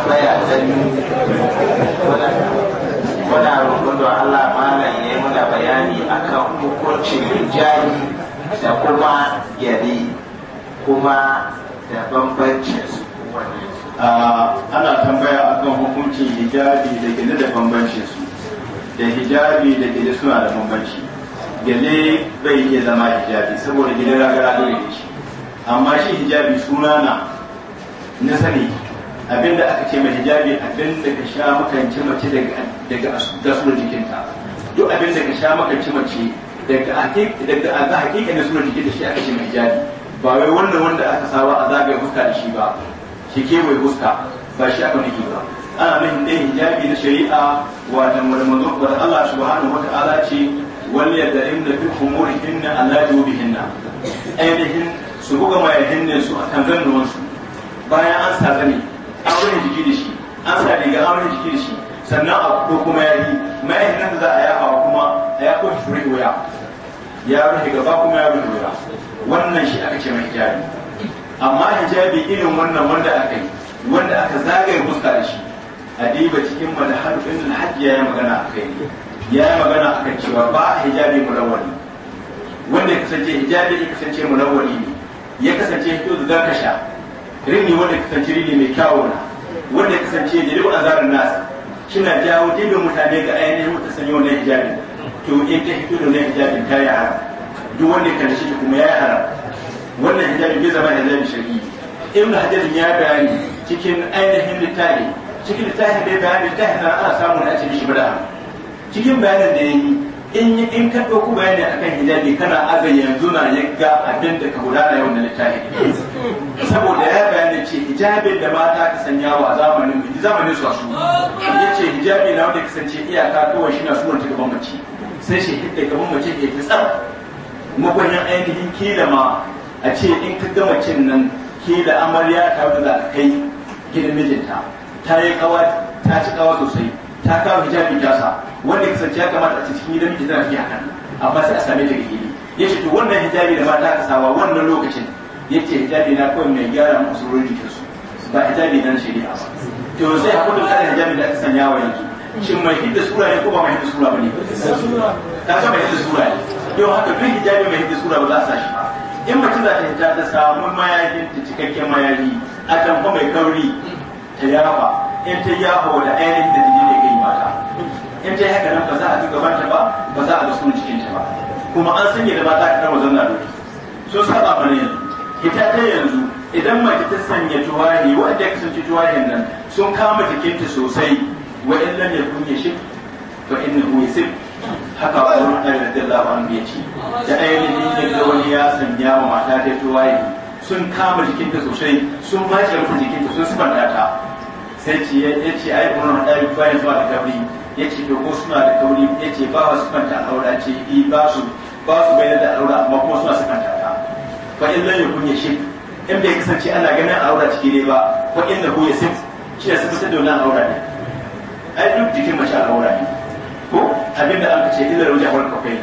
tambaya da Allah malam ya yi muna bayani akan hukuncin da kuma kuma da bambancin su ana tambaya akan hukuncin hijabi da gine da bambancin su da hijabi da gine suna da bambanci gele bai iya zama hijabi saboda gine ragara da shi amma shi hijabi suna na na sani abinda aka ce mai hijabi abin da ka sha makanci mace daga da jikinta duk abin da ka sha makanci mace daga a hakika da sunan jikinta shi aka ce mai hijabi ba wai wanda wanda aka saba a zagaye huska da shi ba shi kewaye huska ba shi aka nufi ba ana mai hindi hijabi na shari'a wajen wani Allah subhanahu wa ta'ala ce wal yadarin da fi kumurihinna Allah jubihinna ainihin su buga mayahin ne su a kan zannuwansu bayan an sa zane auren jiki da shi an sa riga auren jiki da shi sannan a ko kuma ya yi mayan nan da za a hawa kuma a ya kofi fure wuya ya rufe gaba kuma ya rufe wuya wannan shi aka ce mai hijabi amma hijabi irin wannan wanda aka yi wanda aka zagaye fuska da shi a ba cikin har inna hajji ya yi magana a kai ya yi magana a kan cewa ba hijabi mulawwali wanda ya kasance hijabi ya kasance mulawwali ne ya kasance hito da zaka sha rini wanda kasance rini mai kyawuna wanda kasance ya a zarar nasa kina jawo dibin mutane ga ainihin wata sanya wannan hijabin to in ta hito da wannan hijabin ta yi haram duk wanda kan shi kuma ya yi haram wannan hijabin bai zama hijabin shari'i Ibn hajar ya bayani cikin ainihin littafi cikin littafin da ya bayani littafin na ana samun a cikin shi bada cikin bayanin da ya yi in in ka ɗauko bayani akan hijabi kana azan yanzu na yagga abin da ka gudana yau na littafi saboda ya bayani ce hijabin da mata ka sanya wa zamanin mu zamanin su su yace hijabi na wanda kasance iyaka ko shi na sunan gaban mace sai shi hidda gaban mace ke ta tsar magwanin ainihin kila ma a ce in ka ga mace nan kila amarya ta wanda za ka kai gidan mijinta ta yi kawa ta ci kawa sosai ta kawo hijabi sa wanda kasance ya kamata a cikin gidan mijinta na fiye hakan amma sai a same ta ga Ya ce to wannan hijabi da mata ka sawa wannan lokacin yace hijabi na kawai mai gyara musulun su ba hijabi dan shari'a ba to sai hakuri da hijabi da aka sanya wa yanzu shin mai hidda sura ne ko ba mai hidda sura ba ne ta san mai hidda sura ne yau haka duk hijabi mai hidda sura ba za a sa shi ba in mutum za ta hijja ta samu mayafin ta cikakken mayayi a tamfa mai kauri ta yafa in ta yafa da ainihin da jini ne kai mata in ta yi haka nan ba za a gaban ta ba ba za a ga sunan ta ba kuma an sanya da mata a kan wazan na doki sun saba ba ne yanzu hita ta yanzu idan mace ta sanya tuwari wanda ya kasance tuwarin nan sun kama jikinta sosai wa in lam yakun yashib fa innahu yasib haka Umar radiyallahu anhu biya ce da ainihin da wani ya sanya wa mata ta tuwari sun kama jikinta sosai sun bace rufe jikinta sun sifanta ta sai ci ya ce ai Umar da bayan zuwa da kabri ya ce to ko suna da kauri ya ce ba su sifanta al'aura ce eh, ba su ba su bayar da al'aura amma kuma suna sifanta ta fa in lam yakun yashif in bai kasance ana ganin aura ciki ne ba fa innahu yasif shi ya sifata da wannan aura ne ai duk jikin mace aura ne ko abin da an ce illa rauja wal kafai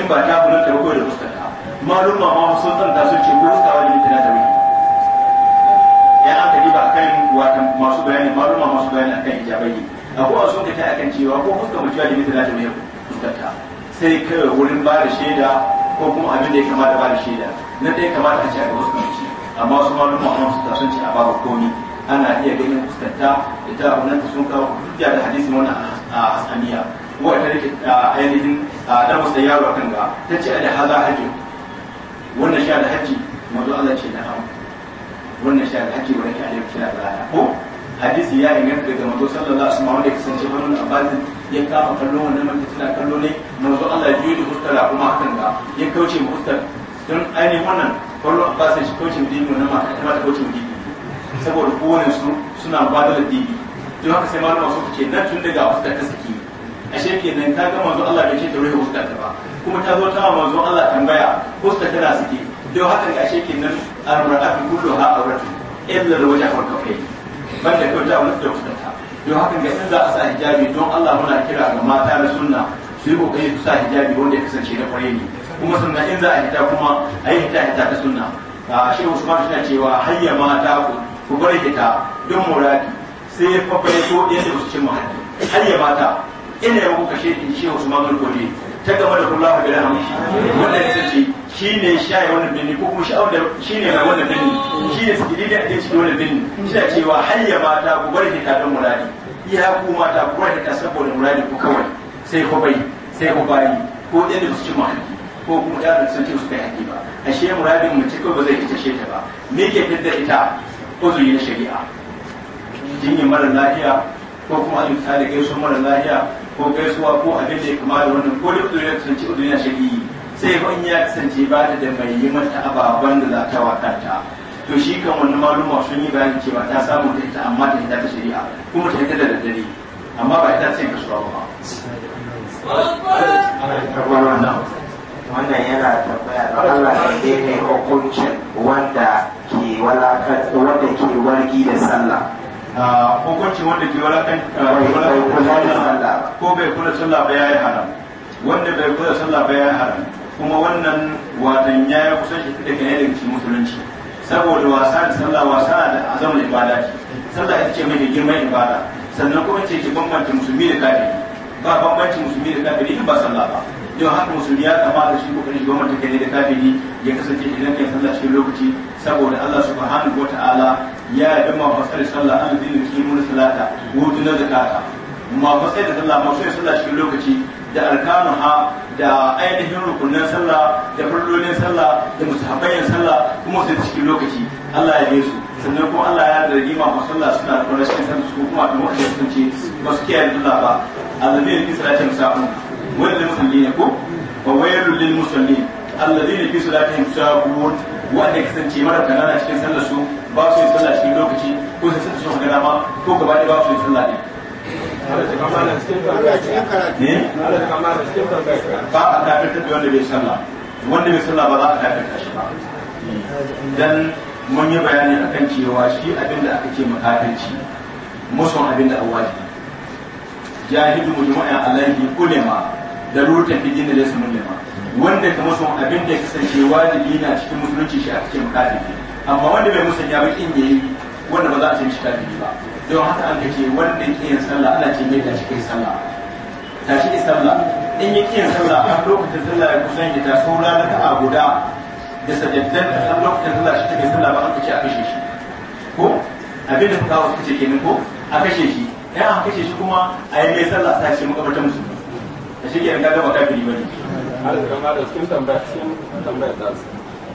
in ba ta bunan ta ko da fuskanta malum ma ma sun san ta sun ce ko fuska wani tana da wani ya an tafi ba kan watan masu bayani malum ma masu bayani akan hijabai akwai sun kace akan cewa ko fuska mace da mutana da wani fuskanta sai kai wurin ba da shaida ko kuma abin da ya kamata ba da shaida nan da ya kamata a ce a ga wasu kamar amma wasu malum a wasu sun ce a ba komi ana iya ganin da ta abu nan ta sun kawo hujja da hadisi wani a hasaniya rike a ainihin da wasu yaro kan ga ta ce da haza haji wannan sha da haji manzo Allah ce na hau wannan sha da wani wanda ke alaihi kira da ko hadisi ya inganta daga manzo sallallahu alaihi wasallam wanda ya kasance wannan abadin ya kama kallon wannan mace tana kallo ne manzo Allah biyu da huskar kuma hakan da ya kauce mu huskar don ainihin wannan kwallo a basin shi kauce mu dibi wannan mata kuma ta kauce mu dibi saboda kowane su suna badalar dibi don haka sai malama su ce nan tun daga huskar ta saki ashe kenan ta ga manzo Allah bai ce ta rufe huskar ta ba kuma ta zo ta manzo Allah tambaya huskar tana saki don haka ga ashe kenan al-mar'atu kulluha awratu illa al-wajhu kafai banda kauta wa da huskar don haka ga in za a sa hijabi don Allah muna kira ga mata da sunna su yi kokari su sa hijabi wanda ya kasance na kwarai ne kuma sannan in za a hita kuma a yi hita hita ta sunna a shehu usman suna cewa hayya mata ku ku bar hita don muradi sai ya fafaye ko yadda ba su cimma haddi hayya mata ina yau kuka shehu usman mulkoli ta gama da kullahu bil hamdi wanda ya sace shi ne shaye wannan binni ko kuma sha'awar da shi ne mai wannan binni shi ne sikiri da ake cikin wannan binni shi da cewa hayya mata ku bar hita kadan muradi iya ku mata ku bar hita saboda muradi ku kawai sai ku bai sai ku bayi ko ɗan da su ci mahaki ko kuma ɗan da su ci su kai haƙi ba ashe muradin mu cikin ba zai ita she ta ba me ke fitar ita uzuri na shari'a jinyar mara lafiya ko kuma da gaisuwa mara lafiya ko gaisuwa ko abin da ya kama da wannan ko da uzuri na ci uzuri na shari'a sai kun ya kasance ba ta da mai yi mata ababen da za ta ta to shi kan wani maluma sun yi bayanin cewa ta samu ta ita amma ta ta shari'a kuma ta da daddare amma ba ita ce kasuwa ba wannan yana tambaya da Allah ke ne hukuncin wanda ke walakar wanda ke wargi da sallah ah, hukuncin wanda ke walakar ah, ko bai kula sallah ba yi haram wanda bai kula sallah ba yi haram kuma wannan watan ya yi kusan shi da kan daga cikin musulunci saboda wasa da sallah wasa da azamul ibada ce sallah ita ce mai girma ibada sannan kuma ce ki bambancin musulmi da kafiri ba bambancin musulmi da kafiri in ba sallah ba yau haka musulmi ya kamata shi kokarin shi bambancin kai da kafiri ya kasance idan kai sallah cikin lokaci saboda Allah subhanahu wataala ya yarda ma fasar sallah an zinu kimun salata wutu na zakata ma fasar da sallah ma sai sallah cikin lokaci da ha da ainihin rukunin sallah da farlolin sallah da musahabayin sallah kuma su cikin lokaci Allah ya yi su sannan kuma Allah ya da rima ma sallah suna da kwanar cikin sallah su kuma da wanda ya sunce ba su kiyaye sallah ba alladhina fi salatihim sa'un da lil ne ko wa waylul lil musallin alladhina fi salatihim sa'un wanda ya sunce mara kanana cikin sallah su ba su yi sallah cikin lokaci ko sai sun so gana ma ko gaba da ba su yi sallah ne ba a bai sallah wanda bai sallah ba za a dafirta mun yi bayani akan cewa shi abin aka ce makafinci musun a da an wajibi jahidu mujmu'a alaihi ulama da rutan bidin da laysa mulima wanda ka muson abin da kasance wajibi a cikin musulunci shi aka ce makafinci amma wanda bai musun ya bakin yayi wanda ba za a ce shi kafiri ba don haka an ce wanda ke yin sallah ana ce mai tashi kai sallah tashi ki sallah in yi kiyan sallah har lokacin sallah ya kusan ya taso rana ta a guda da sajaddan a san lokacin sallah shi take sallah ba an kace a kashe shi ko abin da kuka kawo suka ce kenan ko a kashe shi ya an kashe shi kuma a yi mai sallah ta ce makabartar musu da shi kenan kaga gaba kafiri bane har da cikin tambaya tambaya da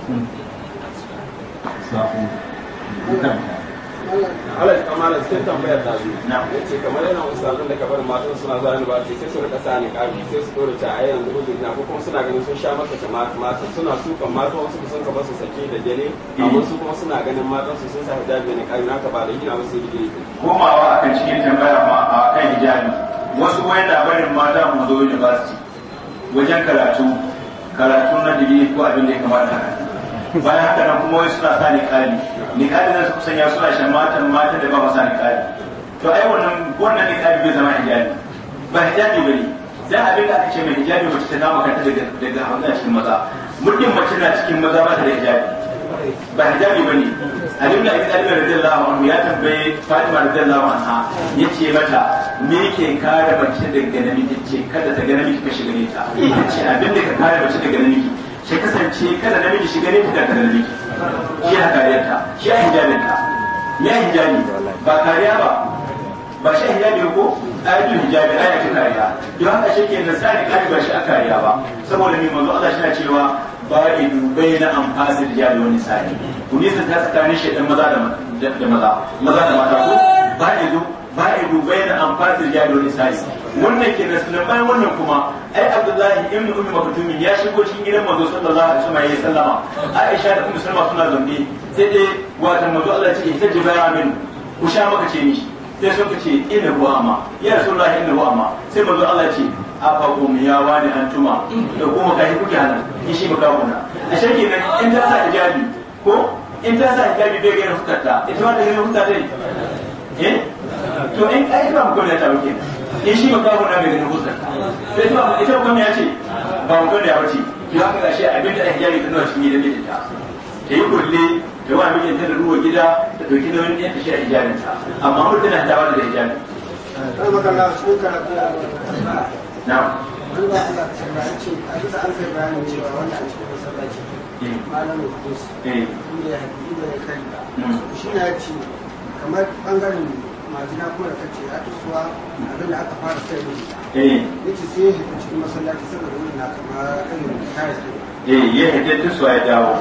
hmm. su. alal kamala sai tambayar da zai yace kamar yana usulun da kabar matan suna zuwa ne ba sai sai su rika sani kabi sai su dora ta ayan da hujji na ko kuma suna ganin sun sha maka ta matan suna sukan matan wasu sun ka basu sake da dare amma su kuma suna ganin matan su sun sa hijabi ne kabi naka ba da gina musu digiri komawa akan cikin tambaya ma a kan hijabi wasu wanda barin mata mu zo university wajen karatu karatu na digiri ko abin da ya kamata bayan haka nan kuma wai suna sani kabi nikadi da su sanya suna shan matan matan da ba sa nikadi to ai wannan wannan nikadi bai zama hijabi ba hijabi ne dan abin da aka ce mai hijabi mace ta nama kanta daga daga hausa cikin maza muddin mace na cikin maza ba ta da hijabi ba hijabi ne alim da ibn da radiyallahu anhu ya tambaye fatima da radiyallahu anha ce mata me yake kare mace daga namiji ce kada ta ga namiji ka shiga ne ta ce abin da ka kare mace daga namiji sai kasance kada namiji shiga ne ta kada namiji shi a kariyarta shi a hijabinta me a hijabi ba kariya ba ba shi a hijabi ko ayatul hijabi ayatul kariya don haka shi ke nan tsari kare ba shi a kariya ba saboda mai manzo Allah shi cewa ba'idu baina anfasil hijabi wani sani ku nisa ta tsakanin shi dan maza da maza maza da mata dubai da an fasir ya dole sai wannan ke da sunan bayan wannan kuma ai abdullahi ibn ummi maktumin ya shigo cikin gidan manzo sallallahu alaihi wasallam ya sallama aisha da ummu salma suna zambe sai dai wata manzo Allah ya ce ta jibara min ku sha maka ce ni sai sun ce ina ruwama ya rasulullahi ina ruwa ruwama sai manzo Allah ya ce afa kum ya wani antuma da kuma kai kuke hanan ki shi maka kuna a shirki nan in ta sa hijabi ko in ta sa hijabi bai ga hukunta ita wanda ga hukunta dai eh to in ai ba mu kawai ta wuce in shi makamu na bai ne hujjar sai ba mu ita kuma ya ce ba mu kawai ya wuce ki haka ga shi abin da ake ta nuna cikin gidan mijinta ta yi kulle da wani mijinta da ruwa gida da doki da wani yanka shi a ta amma na da hijabin. Na'am. duk Allah ta eh. malamin eh. inda ya ya kai hmm. shi ce kamar ɓangaren majina kuma da kace ya tsuwa abin da aka fara sai mun eh yace sai ya fita cikin masallaci saboda na kamar irin tayar eh ya fita tsuwa ya dawo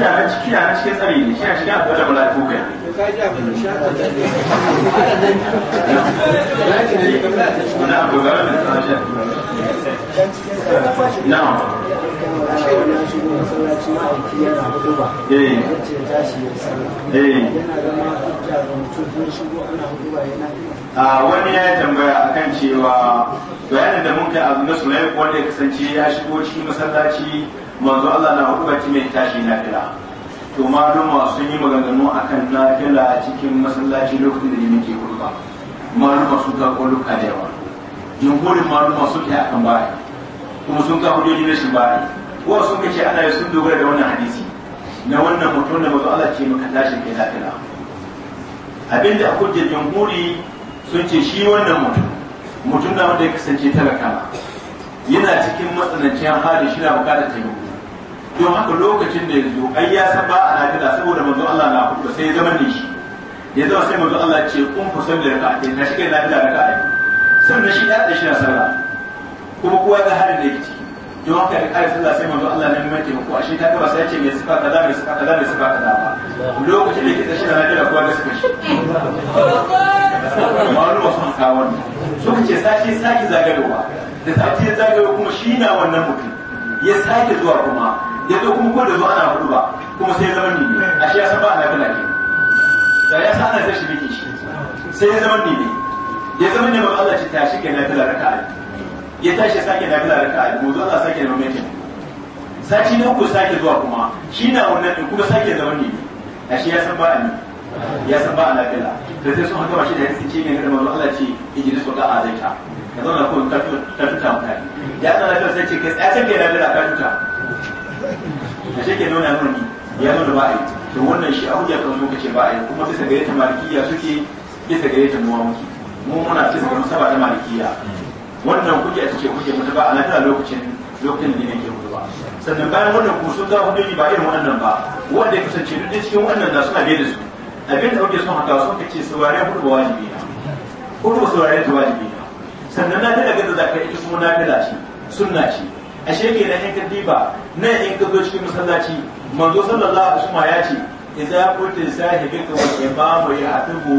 a cikin a cikin tsare ne shi a cikin abu da malaiku kai ka ji abin da ne na abu Eh. Eh. a ah, wani ya tambaya a kan cewa bayanin da muka abu na sulayi wanda ya kasance ya shigo cikin masallaci manzo Allah na hukumaci mai tashi na fila to maluma sun yi maganganu akan na fila cikin masallaci lokacin da ya muke kurba maluma sun ga kwaluka da yawa jumhurin sun suke akan baya kuma sun ga hujjoji na shi baya wa sun ce ana yi sun dogara da wannan hadisi na wannan mutum da mazu Allah ce maka tashi kai lafiya abinda a hujjar jamhuri sun ce shi wannan mutum mutum na wanda ya kasance talaka yana cikin matsanancin hali shi na bukatar taimako don haka lokacin da yanzu ai ya san ba a lafiya saboda manzo Allah na hudu sai ya zama ne shi ya zama sai manzo Allah ce kun fasal da raka'a ɗaya na shi kai lafiya raka'a ɗaya sannan shi da shi na sallah kuma kowa ga halin da ya fice don haka da ƙara sallah sai manzo Allah ne mai taimako ashe ta gaba sai ya ce mai sifa kaza mai sifa kaza mai sifa kaza ba lokacin da ke tashi da lafiya kuwa da suka shi wani wasu hankawar suka ce sashi sake zagarowa da sati ya zagayowa kuma shi na wannan mutum ya sake zuwa kuma ya zo kuma ko da zuwa ana hudu ba kuma sai ya zama ni ne ashe ya san ba ana bila ke da ya san ana sai shi biki shi sai ya zama ni ne ya zama ne ma Allah ce tashi kai na tala raka'a ya tashi sake na kala raka'a a zo Allah sake na mamakin sati na uku sake zuwa kuma shi na wannan din kuma sake zama ne A shi ya san ba ne. ya san ba ana kala da sai sun haka ba shi da hadisi ce ne ga manzo Allah ce ijlis a zai zaita ka zauna ko ka ta fita mutane ya tsara ta sai ce kai ya san kai na kala ka fita shi ke nuna mun ne. ya nuna ba yi to wannan shi ya kan zo kace ba yi kuma bisa gare ta malikiya suke bisa gare ta muwa muke mu muna bisa ga musaba da malikiya wannan kuke ita ce kuke mutu ba a lafiya lokacin lokacin da ke mutu ba sannan bayan wannan ku sun zama hujjoji ba irin wannan ba wanda ya kasance duk cikin wannan da suna da su abin da kuke son haka sun kace saurare hudu ba wajibi na hudu saurare ta wajibi na. sannan na fila gada za ka yi su na fila ce sunna ce a ke na in ka diba nan in cikin masallaci manzo sallallahu alaihi wasallam ya ce idza qultu sahibika wa imamu ya'tubu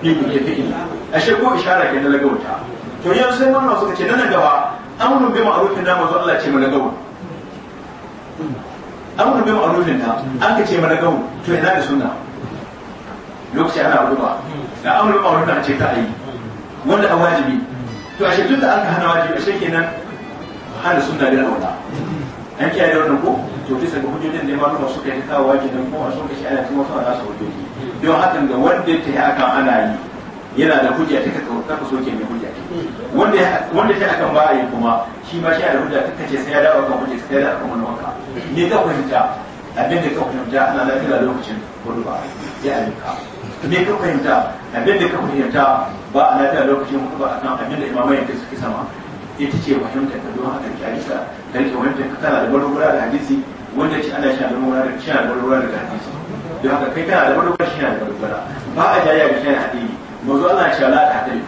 fi buɗe fi'ili ashe ko ishara ke na lagauta to yanzu sai wannan suka ce nan gaba amurin bi ma'arufin na manzo Allah ce na mana gawo amurin bi ma'arufin na an ka ce mana gawo to ina da sunna lokaci ana ruba da an amurin ma'arufin na ce ta yi wanda a wajibi to ashe tun da aka hana wajibi ashe kenan hana sunna da aula an kiyaye da wannan ko to sai ga hujjojin da ya su suka yi kawo wajibin ko a sun kashi ana cikin wasu ana su hujjoji don hakan ga wanda ya tafi akan ana yi yana da hujja ta ka soke mai hujja wanda wanda ta akan ba a yi kuma shi ma shi da hujja ta kace sai ya dawo kan hujja sai ya dawo kan wanka ne ka fahimta abin da ka fahimta ana lafiya lokacin kurba ya alika ne ka fahimta abin da ka fahimta ba a lafiya lokacin a kan abin da imamai da suke sama ita ce fahimta ka don haka kyalisa da ke wanda ka tana da barubura da hadisi wanda ce ana shan barubura da shan barubura da hadisi don haka kai kana da madogara shi na da madogara ba a jayya ga shi na addini mazu Allah ya ce la ta hadari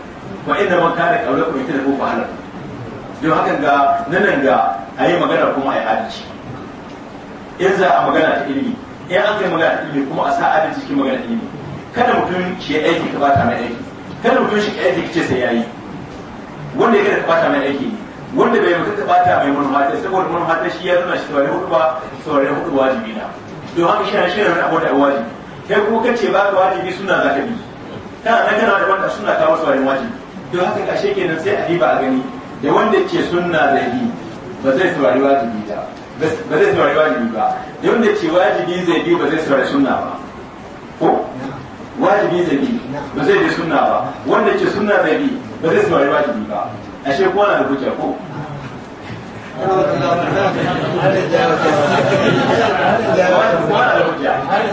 wa inda man kana kaula ku ita da ku halar don haka ga nan ga ayi magana kuma ayi adalci in za a magana ta ilimi in an kai magana ta ilimi kuma a sa adalci cikin magana ilimi kada mutum shi aiki ka bata mai aiki kada mutum shi aiki ce sai yayi wanda ya kada ka bata mai aiki wanda bai mutum ka bata mai manhaja saboda manhaja shi ya nuna shi saurare hudu ba saurare hudu wajibi na to haka shi shi ne abu da wajibi kai kuma kace ba ka wajibi suna za ka bi kana na kana da wanda suna kawo su wani wajibi don haka kashe kenan sai a a gani da wanda ke sunna da yi ba zai saurari wajibi ba ba zai saurari wajibi ba da wanda ke wajibi zai bi ba zai saurari sunna ba ko wajibi zai bi ba zai bi sunna ba wanda ke sunna zai bi ba zai saurari wajibi ba ashe kowa na da kuke ko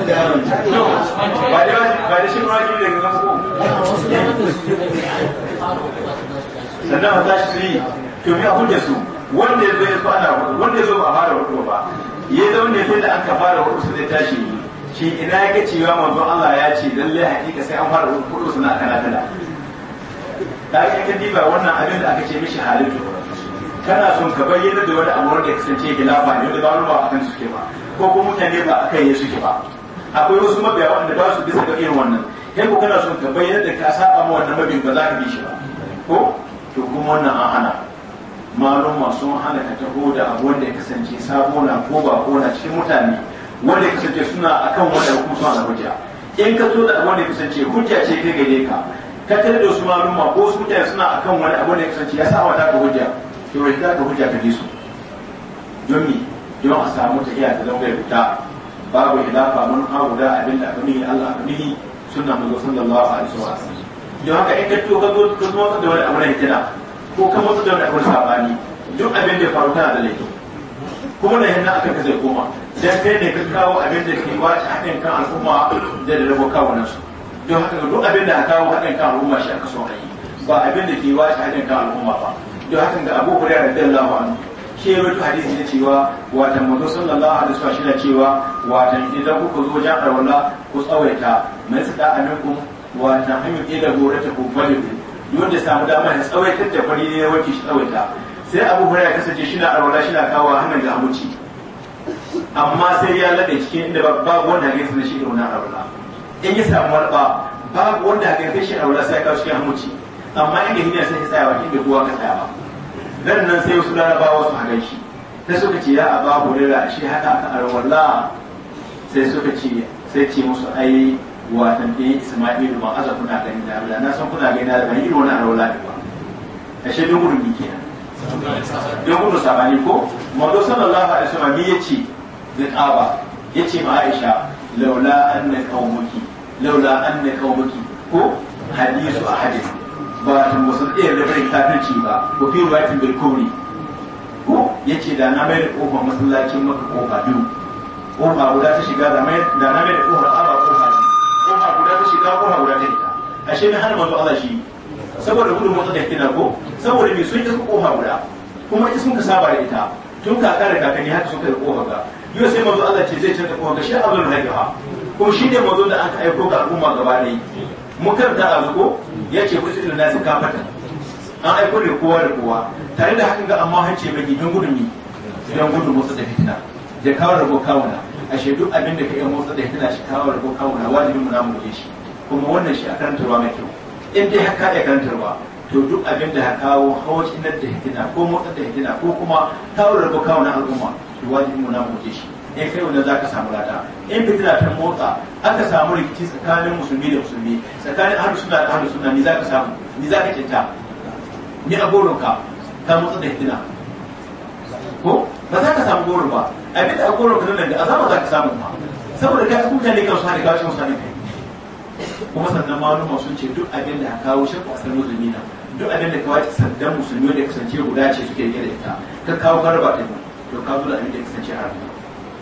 sannan ta shi ma ki a tashi su yi to mi abun su wanda ya zo wanda ya zo ba fara hudu ba ya zo ne sai da aka fara hudu su zai tashi shi ina yake cewa manzo Allah ya ce lalle hakika sai an fara hudu na kana kana da ake kan diba wannan abin da aka ce mishi halittu kana son ka bayyana da wani abu wanda ya kasance gilafa ne da ba ruwa akan suke ba ko kuma mutane ba akan ya suke ba akwai wasu mabiya wanda ba su bisa ga irin wannan kai ko kana son ka bayyana da ka saba ma wannan mabin ba za ka bi shi ba ko to kuma wannan an hana malum masu hana ka taho da abu wanda ya kasance sabo na ko ba ko na cikin mutane wanda ya kasance suna akan wanda kuma suna hujja in ka zo da abu wanda ya kasance hujja ce kai gare ka ka tare da su malum ko su mutane suna akan wani abu wanda ya kasance ya saba da ka hujja to ya ka hujja ka ji su don me don a samu ta iya ta zama ya fita babu hilafa mun ha guda abin da kami Allah yi sunna manzo sallallahu alaihi wa sallam don haka in ka to ka zo ka zo da wani abu na ko ka mutu da wani sabani duk abin da faru tana da laifi kuma da hinna aka kaje goma. dan kai ne ka kawo abin da ke ba a haɗin kan al'umma da da rabo kawo nan su don haka duk abin da aka kawo haɗin kan al'umma shi aka so ba abin da ke ba a haɗin kan al'umma ba don haka ga Abu Hurairah radiyallahu anhu shi ya rubuta hadisi na cewa watan manzo sallallahu alaihi wasallam shine cewa watan idan kuka zo wajen arwala ku tsawaita mai su abin aminkum watan hayyul ila gorata ku balibu yadda samu damar ya tsawaita da fari ne ya wanki shi tsawaita sai abu ya kasance shi na arwala shi na kawo hannun ga abuci amma sai ya lade cikin inda babu wanda ya sanar shi da wannan arwala in ya samu marba babu wanda ya sanar shi arwala sai ya kawo cikin hamuci amma inda hinya sai ya tsaya wa inda kowa ka tsaya ba nan nan sai wasu larabawa su haɗa shi ta suka ce ya abu da shi haka aka arwalla sai suka ce sai ce musu ai watan ɗaya isma'il ba aza kuna gani abu da na san kuna gani na ban yi wani arwalla da ba ashe don gudun ke na don gudun sabani ko mawdo sallallahu alaihi wasallam ya ce da ƙaba ya ce ma aisha laula kawo qaumuki laula kawo qaumuki ko hadisu ahadin ba ta ɗaya iya da bai kafirci ba ko fi ruwatin bil kuri ko yace da na mai da kofar masallacin maka kofa biyu kofa guda ta shiga da mai da na mai da kofar aba kofa biyu kofa guda ta shiga kofa guda ta fita ashe ne har manzo Allah shi saboda gudun motsa da kina ko saboda mai sun yi kofa guda kuma ita sun ka saba da ita tun kaka da kakanni haka suka yi kofa ga yau sai manzo Allah ce zai canza kofa ga shi Abdul Hadiha ko shi ne manzo da aka aiko ga al'umma gaba ɗaya Mukar karanta a zuko ya ce wasu ilu kafata an aiko da kowa da kowa tare da hakan ga amma hance mai don gudun mi don gudun motsa da fitina da kawo rago kawuna a shaidu abin da ka yi motsa da fitina shi kawo rago kawuna wajibin mu namu shi kuma wannan shi a karantarwa mai kyau in dai haka ya karantarwa to duk abin da ka kawo hawacin da fitina ko motsa da fitina ko kuma kawo rago kawuna al'umma to wajibin mu namu shi ya kai wannan za ka samu rata in fitina ta motsa aka samu rikici tsakanin musulmi da musulmi tsakanin ahlus suna da ahlus suna ni za ka samu ni za ka kinta ni a goronka ka motsa da hitina ko ba za ka samu goron ba a da a goronka nan da azama za ka samu ba saboda ka ci mutane kan su hada kawo shi mutane kai kuma sannan maluma sun ce duk abin da kawo shi ko musulmi na duk abin da kawai sandan musulmi da kasance guda ce suke rike da ita ka kawo karba ɗin to ka zo da abin da kasance harbi.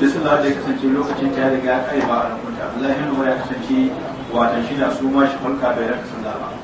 duk sallah da ya kasance lokacin ta ya riga ya kare ba a rukunta Abdullahi ibn Umar ya kasance wata shi na su ma shi hulka bai raka sallah ba